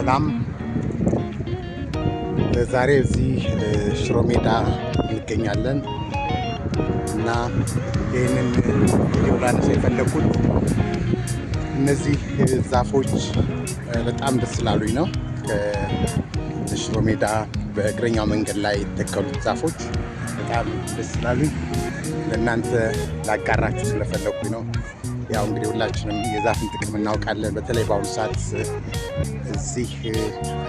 ሰላም። ዛሬ እዚህ ሽሮ ሜዳ እንገኛለን እና ይህንን ቪዲዮ ላነሳ የፈለኩት እነዚህ ዛፎች በጣም ደስ ስላሉኝ ነው። ሽሮ ሜዳ በእግረኛው መንገድ ላይ የተተከሉት ዛፎች በጣም ደስ ስላሉኝ ለእናንተ ላጋራችሁ ስለፈለኩኝ ነው። ያው እንግዲህ ሁላችንም የዛፍን ጥቅም እናውቃለን። በተለይ በአሁኑ ሰዓት እዚህ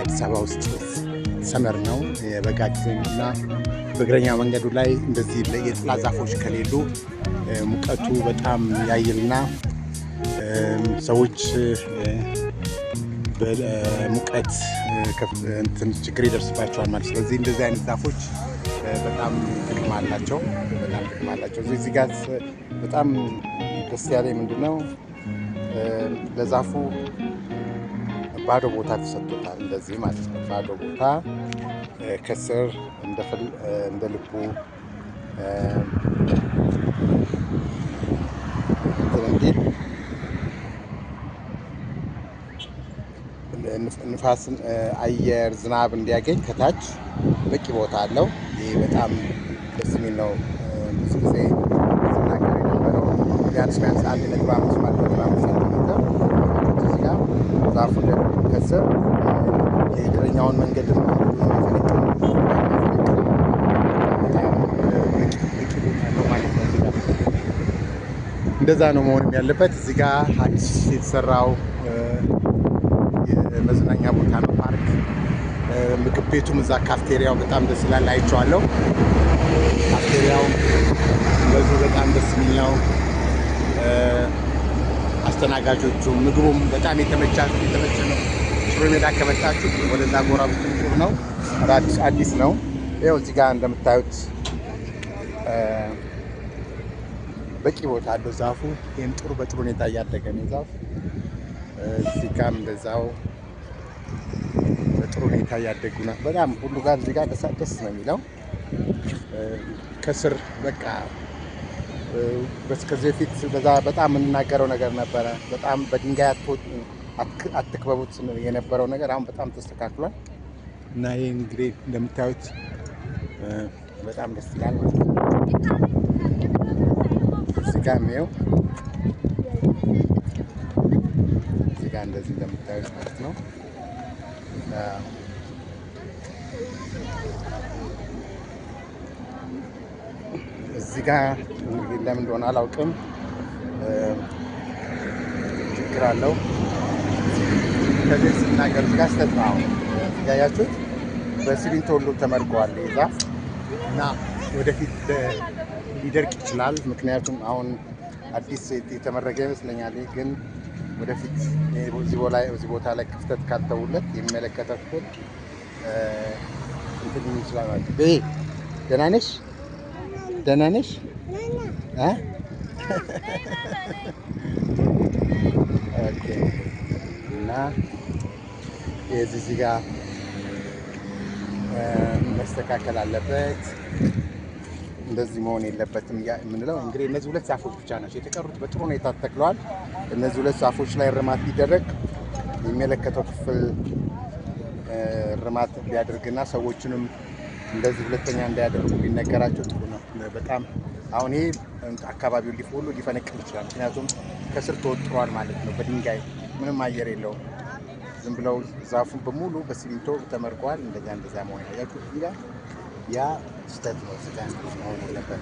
አዲስ አበባ ውስጥ ሰመር ነው የበጋ ጊዜ እና በእግረኛ መንገዱ ላይ እንደዚህ የጥላ ዛፎች ከሌሉ ሙቀቱ በጣም ያይልና ሰዎች በሙቀት ችግር ይደርስባቸዋል ማለት። ስለዚህ እንደዚህ አይነት ዛፎች በጣም ጥቅም አላቸው በጣም ጥቅም አላቸው እዚህ ጋር በጣም ደስ ያለኝ ምንድን ነው ለዛፉ ባዶ ቦታ ተሰጥቶታል። እንደዚህ ማለት ነው ባዶ ቦታ ከስር እንደ ልቡ ንፋስ፣ አየር፣ ዝናብ እንዲያገኝ ከታች በቂ ቦታ አለው። ይህ በጣም ደስ የሚል ነው ብዙ ጊዜ ቢያንስ ቢያንስ አንድ ነጥብ አምስት ማለት ነጥብ አምስት ሴንቲሜትር እዚህ ጋር ዛፉ እንደሚከሰብ የእግረኛውን መንገድ እንደዛ ነው መሆንም ያለበት። እዚህ ጋ አዲስ የተሰራው የመዝናኛ ቦታ ነው ፓርክ። ምግብ ቤቱም እዛ ካፍቴሪያው በጣም ደስ ይላል፣ አይቼዋለሁ። ካፍቴሪያው በዚሁ በጣም ደስ የሚል ነው። አስተናጋጆቹ ምግቡም በጣም የተመቻ የተመቸ ነው። ሽሮ ሜዳ ከመጣችሁ ወደዛ ጎራ ብትንጡር ነው። አዲስ አዲስ ነው። ይኸው እዚህ ጋር እንደምታዩት በቂ ቦታ አለው ዛፉ። ይህም ጥሩ በጥሩ ሁኔታ እያደገ ነው ዛፉ። እዚህ ጋር እንደዛው በጥሩ ሁኔታ እያደጉ ነው። በጣም ሁሉ ጋር እዚህ ጋር ደስ ነው የሚለው ከስር በቃ ከዚህ በፊት በጣም የምንናገረው ነገር ነበረ። በጣም በድንጋይ አትክበቡት የነበረው ነገር አሁን በጣም ተስተካክሏል እና ይህ እንግዲህ እንደምታዩት በጣም ደስ ይላል ማለት ነው። እዚህ ጋር የሚየው እዚህ ጋር እንደዚህ እንደምታዩት ማለት ነው። እዚህ ጋር እንግዲህ ለምን እንደሆነ አላውቅም። ችግር አለው። ከዚህ ስናገር ጋ ስተት ነው። ያያችሁት በሲሚንቶ ሁሉ ተመርቀዋል። ይዛ እና ወደፊት ሊደርቅ ይችላል። ምክንያቱም አሁን አዲስ የተመረገ ይመስለኛል። ግን ወደፊት እዚህ ቦታ ላይ ክፍተት ካልተውለት የሚመለከተ ክፍል እንትን ይችላል። ደህና ነሽ? ደህና ነሽ? እና የዚህ ጋ መስተካከል አለበት፣ እንደዚህ መሆን የለበትም የምንለው እንግዲህ እነዚህ ሁለት ዛፎች ብቻ ናቸው። የተቀሩት በጥሩ ሁኔታ ተክለዋል። እነዚህ ሁለት ዛፎች ላይ እርማት ቢደረግ የሚመለከተው ክፍል እርማት ቢያደርግና ሰዎችንም እንደዚህ ሁለተኛ እንዳያደርጉ ቢነገራቸው ጥሩ ነው በጣም አሁን ይሄ አካባቢው ሊፍ ሁሉ ሊፈነቅል ይችላል። ምክንያቱም ከስር ተወጥሯል ማለት ነው በድንጋይ ምንም አየር የለውም። ዝም ብለው ዛፉን በሙሉ በሲሚንቶ ተመርጓል። እንደዚያ እንደዚያ መሆን ያያችሁ ዚጋ ያ ስህተት ነው። ስጋ መሆን የለበት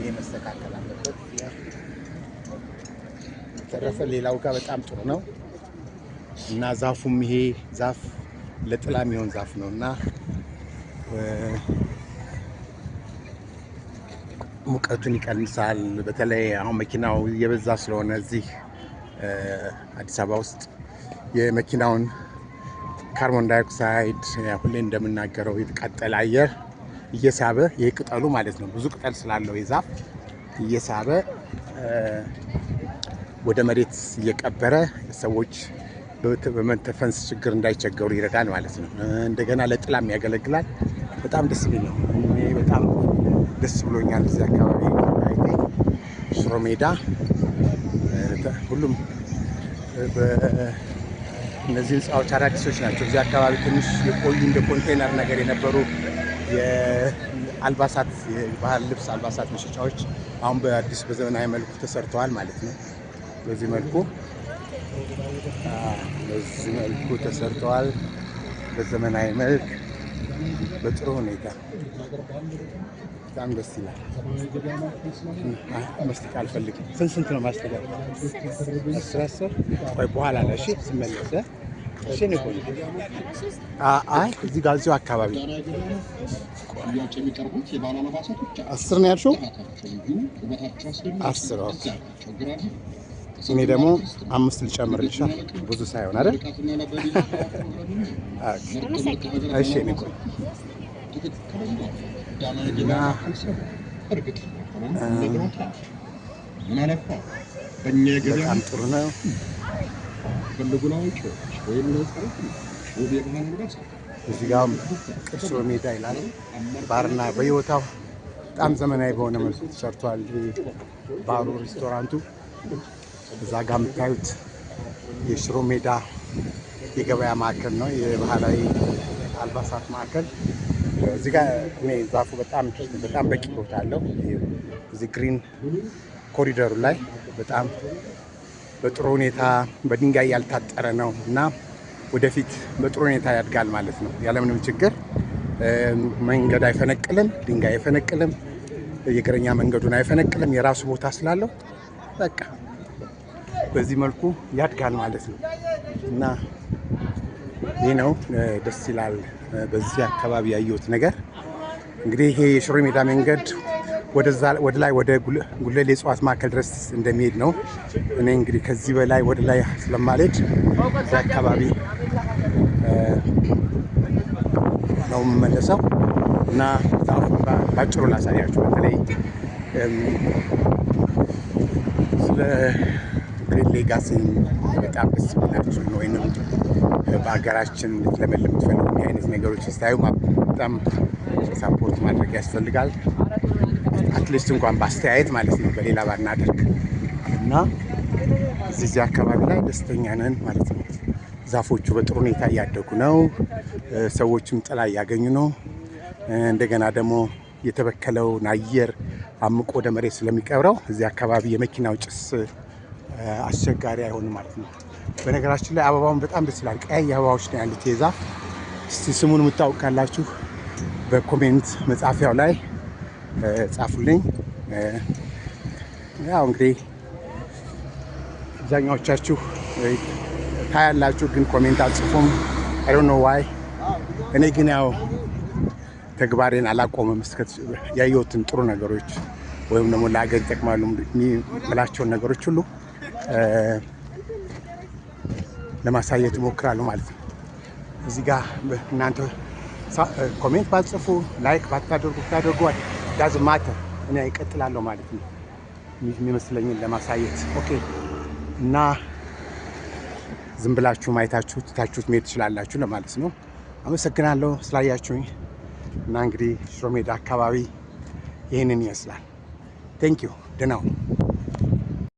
ይህ መስተካከል አለበት። ተረፈ ሌላው ጋር በጣም ጥሩ ነው እና ዛፉም ይሄ ዛፍ ለጥላ የሚሆን ዛፍ ነው እና ሙቀቱን ይቀንሳል። በተለይ አሁን መኪናው የበዛ ስለሆነ እዚህ አዲስ አበባ ውስጥ የመኪናውን ካርቦን ዳይኦክሳይድ ሁሌ እንደምናገረው የተቃጠለ አየር እየሳበ ይህ ቅጠሉ ማለት ነው ብዙ ቅጠል ስላለው የዛፍ እየሳበ ወደ መሬት እየቀበረ ሰዎች በመተንፈስ ችግር እንዳይቸገሩ ይረዳል ማለት ነው። እንደገና ለጥላም ያገለግላል። በጣም ደስ የሚል ነው። ደስ ብሎኛል። እዚህ አካባቢ አይቴ ሽሮ ሜዳ ሁሉም እነዚህ ህንፃዎች አዳዲሶች ናቸው። እዚህ አካባቢ ትንሽ የቆዩ እንደ ኮንቴነር ነገር የነበሩ የአልባሳት የባህል ልብስ አልባሳት መሸጫዎች አሁን በአዲስ በዘመናዊ መልኩ ተሰርተዋል ማለት ነው። በዚህ መልኩ በዚህ መልኩ ተሰርተዋል በዘመናዊ መልክ በጥሩ ሁኔታ በጣም ደስ ይላል። መስቲካ አልፈልግም። ስንት ስንት ነው ማስቲካ? አስር አስር። ቆይ በኋላ ላይ እሺ፣ ስመለሰ አይ እዚህ ጋር እዚሁ አካባቢ አስር ነው ያልሽው? አስር እኔ ደግሞ አምስት ልጨምርልሻል። ብዙ ሳይሆን አይደል? እሺ እኔ ቆይ እና በጣም ጥሩ ነው። እዚህ ጋ ቅርሶ ሜዳ ይላል ባርና በየቦታው በጣም ዘመናዊ በሆነ መልኩ ተሰርቷል። ባሩ ሬስቶራንቱ እዛ ጋ የምታዩት የሽሮ ሜዳ የገበያ ማዕከል ነው። የባህላዊ አልባሳት ማዕከል እዚህ ጋር ዛፉ በጣም በጣም በቂ ቦታ አለው። እዚህ ግሪን ኮሪደሩ ላይ በጣም በጥሩ ሁኔታ በድንጋይ ያልታጠረ ነው እና ወደፊት በጥሩ ሁኔታ ያድጋል ማለት ነው ያለምንም ችግር። መንገድ አይፈነቅልም፣ ድንጋይ አይፈነቅልም፣ የእግረኛ መንገዱን አይፈነቅልም። የራሱ ቦታ ስላለው በቃ በዚህ መልኩ ያድጋል ማለት ነው እና ይህ ነው። ደስ ይላል። በዚህ አካባቢ ያየሁት ነገር እንግዲህ ይሄ የሽሮ ሜዳ መንገድ ወደ ላይ ወደ ጉለሌ እጽዋት ማዕከል ድረስ እንደሚሄድ ነው። እኔ እንግዲህ ከዚህ በላይ ወደ ላይ ስለማልሄድ እዚህ አካባቢ ነው የምመለሰው እና ዛፉን ባጭሩ ላሳያችሁ በተለይ ስለ ብሬል ሌጋሲ በጣም ደስ ብላቶች ነው። ወይንም በሀገራችን ልትለመልም የምትፈልጉ አይነት ነገሮች ስታዩ በጣም ሳፖርት ማድረግ ያስፈልጋል። አትሊስት እንኳን በአስተያየት ማለት ነው፣ በሌላ ባናደርግ እና እዚህ አካባቢ ላይ ደስተኛ ነን ማለት ነው። ዛፎቹ በጥሩ ሁኔታ እያደጉ ነው። ሰዎችም ጥላ እያገኙ ነው። እንደገና ደግሞ የተበከለውን አየር አምቆ ወደ መሬት ስለሚቀብረው እዚህ አካባቢ የመኪናው ጭስ አስቸጋሪ አይሆንም ማለት ነው። በነገራችን ላይ አበባውን በጣም ደስ ይላል። ቀያይ አበባዎች ነው ያሉት የዛፍ እስቲ ስሙን የምታውቅ ካላችሁ በኮሜንት መጻፊያው ላይ ጻፉልኝ። ያው እንግዲህ አብዛኛዎቻችሁ ታያላችሁ፣ ግን ኮሜንት አልጽፉም። አይ ኖ ዋይ። እኔ ግን ያው ተግባሬን አላቆመም። ያየሁትን ጥሩ ነገሮች ወይም ደግሞ ለሀገር ይጠቅማሉ የሚላቸውን ነገሮች ሁሉ ለማሳየት ይሞክራሉ ማለት ነው። እዚህ ጋር እናንተ ኮሜንት ባትጽፉ፣ ላይክ ባታደርጉ ብታደርጉ ዳዝ ማተር እኔ ይቀጥላለሁ ማለት ነው የሚመስለኝን ለማሳየት ኦኬ። እና ዝም ብላችሁ ማየታችሁ ትታችሁት መሄድ ትችላላችሁ ለማለት ነው። አመሰግናለሁ ስላያችሁኝ። እና እንግዲህ ሽሮሜዳ አካባቢ ይህንን ይመስላል። ደህና ሁኑ።